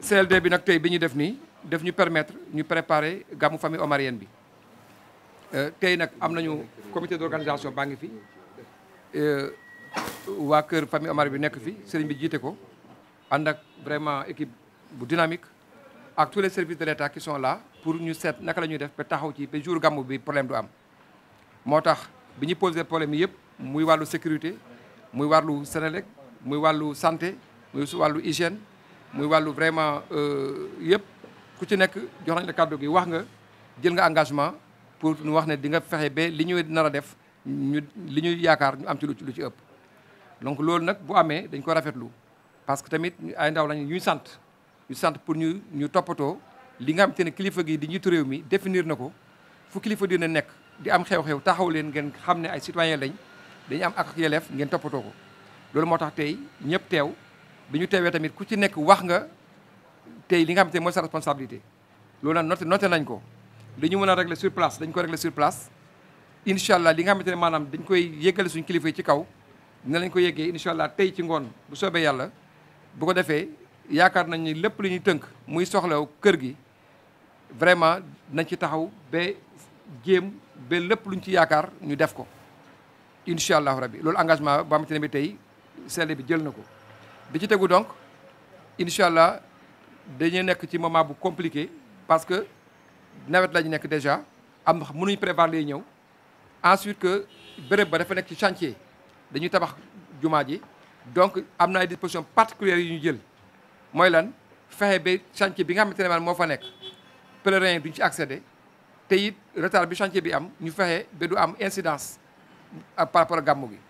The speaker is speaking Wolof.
CLD bi nag tey bi ñu def nii def ñu permettre ñu préparer gàmmu famille omarienne bi euh, tey nag am nañu comité d'organisation baa ngi fi euh, waa kër famille omar bi nekk fi sëriñ bi jiite ko ànd ak vraiment équipe bu dynamique ak tous les services de l'État qui sont là pour ñu seet naka la ñuy def ba taxaw ci ba jour gàmmu bi problème du am moo tax bi ñu posé problème yëpp muy wàllu sécurité muy wàllu Sénélec muy wàllu santé muy wàllu hygiène muy wàllu vraiment euh, yëpp ku ci nekk jox nañ la kàddu gi wax nga jël nga engagement pour nu wax ne di nga fexe ba li ñu nar a def ñu li ñuy yaakaar ñu am ci lu lu ci ëpp. donc loolu nag bu amee dañ ko rafetlu parce que tamit ay ndaw lañ ñuy sant ñu sant pour ñu ñu toppatoo li nga te ne kilifa gi di njiitu réew mi définir na ko fu kilifa dina nekk di am xew-xew taxaw leen ngeen xam ne ay citoyen lañ. dañu am ak ak ngeen toppatoo ko loolu moo tax tey ñëpp teew bi ñu teewee tamit ku ci nekk wax nga tey li nga xam te mooy sa responsabilité loolu nag noté noté nañ ko li ñu mën a régler sur place dañ ko régler sur place incha allah li nga xamante ne maanaam dañ koy yëggale suñu kilifa yi ci kaw dina lañ ko yëggee incha allah tey ci ngoon bu soobee yàlla bu ko defee yaakaar nañ ni lépp lu ñuy tënk muy soxlaw kër gi vraiment nañ ci taxaw ba jéem be lépp luñ ci yaakaar ñu def ko incha allahu rabbi loolu engagement ba xamante ne bi tey CLD bi jël na ko bi ci tegu donc incha allah dañuy nekk ci moment bu compliqué parce que nawet la nekk déjà am mënuñ prévoir lay ñëw ensuite que béréb ba dafa nekk ci chantier dañuy tabax jumaa ji donc am na ay disposition particulières yu ñu jël mooy lan fexe ba chantier bi nga xam ne moo fa nekk pèlerin yi ci accéder te it retard bi chantier bi am ñu fexe ba du am incidence ak par rapport ak gàmmu gi.